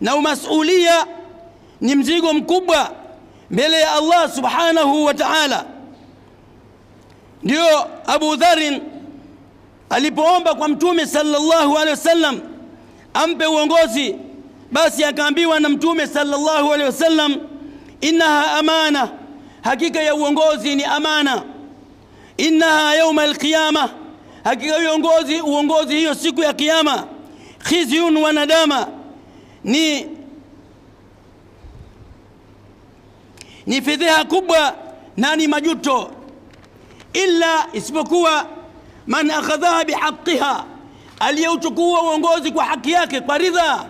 na umasulia ni mzigo mkubwa mbele ya Allah subhanahu wa ta'ala. Ndiyo Abu Dharin alipoomba kwa Mtume sallallahu alaihi wasallam ampe uongozi, basi akaambiwa na Mtume sallallahu alaihi wasallam, innaha amana, hakika ya uongozi ni amana. Innaha yauma alqiyama, hakika uongozi uongozi hiyo siku ya Kiyama, khizyun wa nadama ni ni fedheha kubwa na ni majuto, illa isipokuwa man akhadhaha bihaqiha, aliyeuchukua uongozi kwa haki yake, kwa ridha,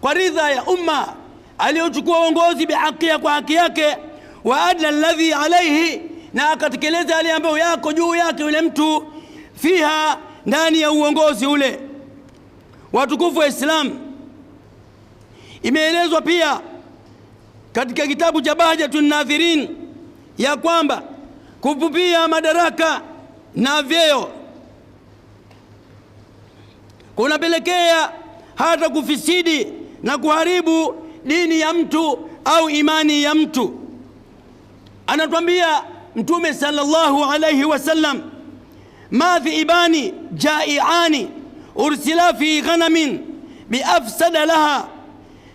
kwa ridha ya umma, aliyeuchukua uongozi bihaqiha, kwa haki yake, wa adla alladhi alaihi, na akatekeleza yale ambayo yako juu yake yule mtu, fiha, ndani ya uongozi ule. Watukufu wa Islamu, Imeelezwa pia katika kitabu cha Bahjatun Nadhirin ya kwamba kupupia madaraka na vyeo kunapelekea hata kufisidi na kuharibu dini ya mtu au imani ya mtu. Anatwambia Mtume sallallahu alayhi wasallam, ma ibani jaiani ursila fi ghanamin biafsada laha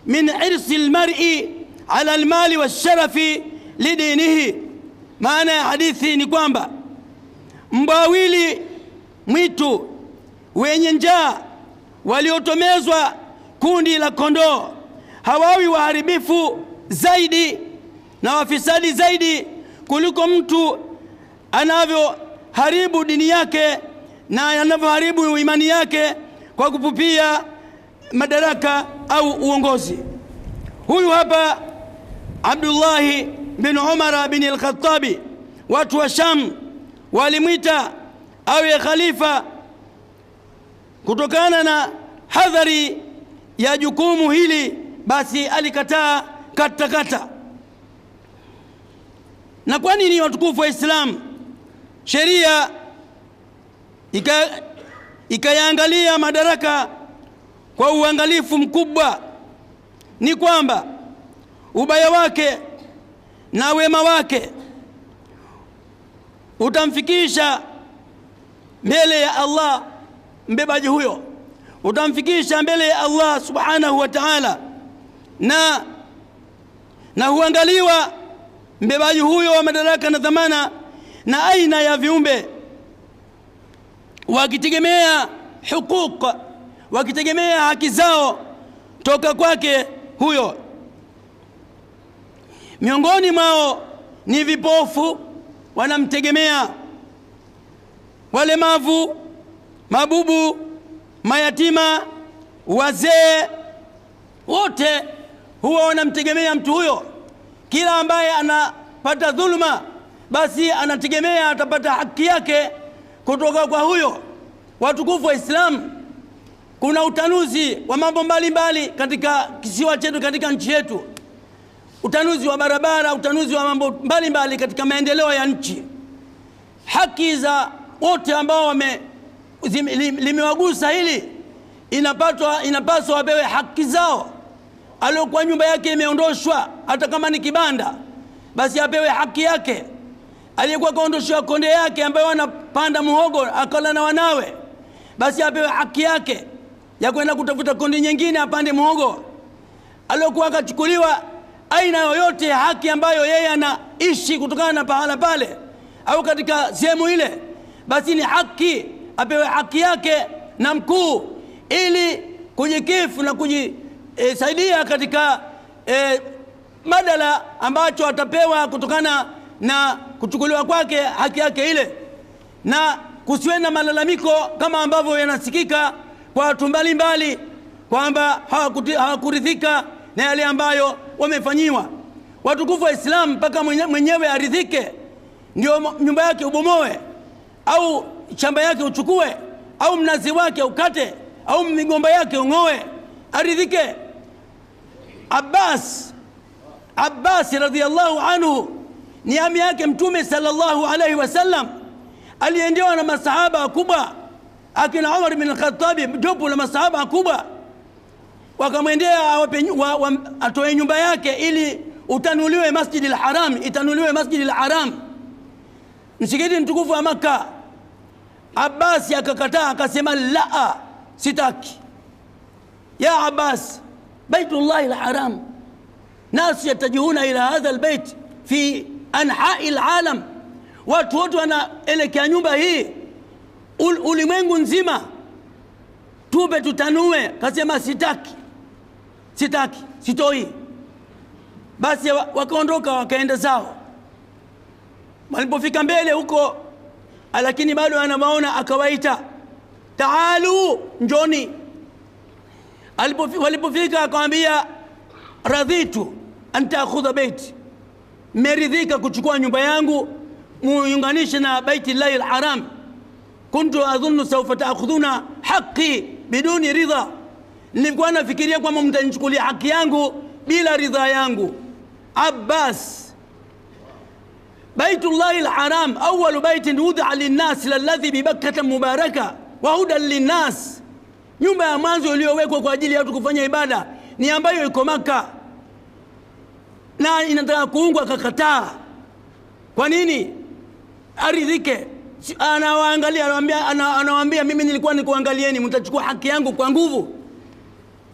min irsi lmari ala lmali walsharafi lidinihi. Maana ya hadithi ni kwamba mbawili mwitu wenye njaa waliotomezwa kundi la kondoo hawawi waharibifu zaidi na wafisadi zaidi kuliko mtu anavyoharibu dini yake na anavyoharibu imani yake kwa kupupia madaraka au uongozi. Huyu hapa Abdullahi bin Umara bin al-Khattabi, watu wa Sham walimwita awe khalifa kutokana na hadhari ya jukumu hili, basi alikataa katakata. Na kwa nini watukufu wa Islam sheria ikayaangalia ika madaraka kwa uangalifu mkubwa ni kwamba ubaya wake na wema wake utamfikisha mbele ya Allah mbebaji huyo, utamfikisha mbele ya Allah subhanahu wa ta'ala, na na huangaliwa mbebaji huyo wa madaraka na dhamana na aina ya viumbe wakitegemea hukuku wakitegemea haki zao toka kwake huyo. Miongoni mwao ni vipofu, wanamtegemea walemavu, mabubu, mayatima, wazee, wote huwa wanamtegemea mtu huyo. Kila ambaye anapata dhuluma, basi anategemea atapata haki yake kutoka kwa huyo. Watukufu wa Islamu kuna utanuzi wa mambo mbalimbali katika kisiwa chetu, katika nchi yetu, utanuzi wa barabara, utanuzi wa mambo mbalimbali mbali katika maendeleo ya nchi, haki za wote ambao wame limewagusa hili, inapatwa inapaswa wapewe haki zao. Aliyokuwa nyumba yake imeondoshwa, hata kama ni kibanda, basi apewe haki yake. Aliyekuwa kaondoshwa konde yake, ambayo anapanda muhogo akala na wanawe, basi apewe haki yake ya kwenda kutafuta kundi nyingine apande muhogo, aliokuwa akachukuliwa aina yoyote ya haki ambayo yeye anaishi kutokana na pahala pale au katika sehemu ile, basi ni haki apewe haki yake na mkuu, ili kujikifu na kujisaidia e, katika e, madala ambacho atapewa kutokana na kuchukuliwa kwake haki yake ile, na kusiwe na malalamiko kama ambavyo yanasikika kwa watu mbalimbali kwamba hawakuridhika na yale ambayo wamefanyiwa watukufu wa Islamu. Mpaka mwenyewe aridhike ndio nyumba yake ubomoe au shamba yake uchukue au mnazi wake ukate au migomba yake ung'oe, aridhike. Abbas Abbas radiallahu anhu ni ami yake Mtume llahu alaihi wasallam, aliendewa na masahaba wakubwa akina Umar bin Khattab, jopo la masahaba wakubwa, wakamwendea wa, wa, atoe nyumba yake ili utanuliwe Masjid al-Haram, itanuliwe Masjid al-Haram, msikiti mtukufu wa Makka. Abbasi akakataa akasema, laa, sitaki ya Abbas, baitullahi al-Haram nasu yatajihuna ila hadha albayt fi anhai alalam, watu wote wanaelekea nyumba hii Ul, ulimwengu nzima tupe tutanue, kasema sitaki, sitaki, sitoi. Basi wakaondoka wakaenda zao. Walipofika mbele huko, lakini bado anawaona, akawaita taalu, njoni. Walipofika akamwambia radhitu antakhudha beiti, meridhika kuchukua nyumba yangu muunganishe na Baitullahi lharam kuntu adhunnu sawfa taakhudhuna haqi biduni ridha, nilikuwa nafikiria kwamba mtanichukulia haki yangu bila ridha yangu. Abbas Baitullahi lharam awalu baitin wudhia linnas laladhi bibakkata mubaraka wa hudan linnas, nyumba ya mwanzo iliyowekwa kwa ajili ya watu kufanya ibada ni ambayo iko Maka na inataka kuungwa, akakataa. Kwa nini aridhike? anawaangalia anawaambia, anawaambia mimi nilikuwa nikuangalieni, mtachukua haki yangu kwa nguvu,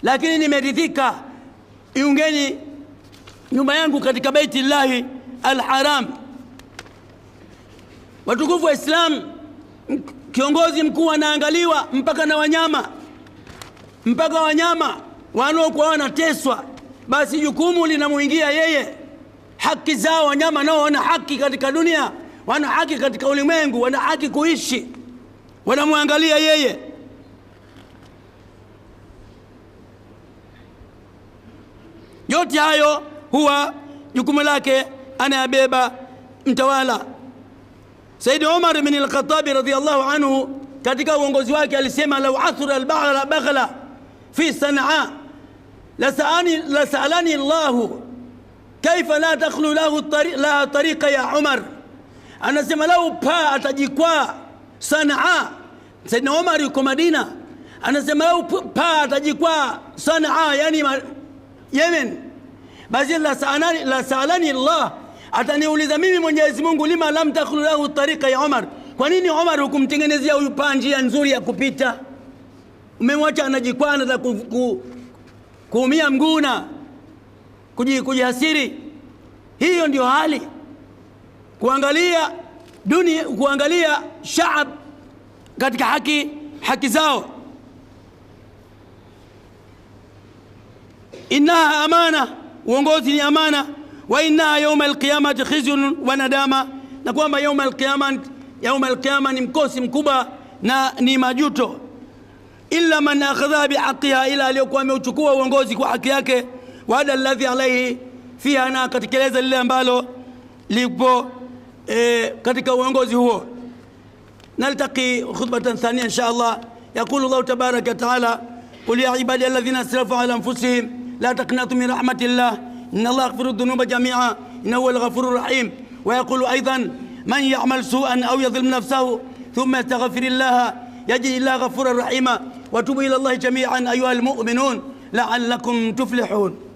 lakini nimeridhika, iungeni nyumba yangu katika Baiti Llahi Alharam. Watukufu wa Islam, kiongozi mkuu anaangaliwa mpaka na wanyama, mpaka wanyama wanaokuwa wanateswa, basi jukumu linamuingia yeye, haki zao wanyama nao wana haki katika dunia. wana haki katika ulimwengu, wana haki kuishi, wanamwangalia yeye. Yote hayo huwa jukumu lake anayabeba mtawala. Saidi Umar bin al khattab radhiyallahu anhu katika uongozi wake alisema, lau athura al-bahra baghla fi Sanaa lasalani Allahu kaifa la takhlu lahu tari, la tariqa ya Umar anasema lau paa atajikwaa Sanaa. Ah, saidna Omar yuko Madina, anasema lau paa atajikwaa Sanaa, ah, yani Yemen, basi la saalani llah ataniuliza mimi Mwenyezi Mungu, lima lam takhlu lahu tariqa ya Omar, kwa nini Omar hukumtengenezea huyu paa njia nzuri ya kupita? Umemwacha anajikwaa, anataka ku, ku, kuumia mguu na kujihasiri. Hiyo ndio hali kuangalia dunia, kuangalia shaab katika haki, haki zao. Innaha amana, uongozi ni amana. Wa innaha yauma alqiyamati khizyun wa nadama, na kwamba yauma alqiyama yauma alqiyama ni mkosi mkubwa na ni majuto. Illa man akhadha bihaqiha, ila aliyokuwa ameuchukua uongozi kwa haki yake, wa hada alladhi alaihi fiha, na akatekeleza lile ambalo lipo Eh, katika uongozi huo nalitaki khutbatan thania insha الله yaqulu llahu tabaraka wataala kul ya ibadi alladhina asrafu ala anfusihim la taqnatu min rahmati llah ان الله يغفر الذنوب جميعا انه هو الغفور الرحيم ويقول ايضا من يعمل سوءا او يظلم نفسه ثم يستغفر الله يجد الله غفورا رحيما وتوبوا الى الله جميعا ايها المؤمنون لعلكم تفلحون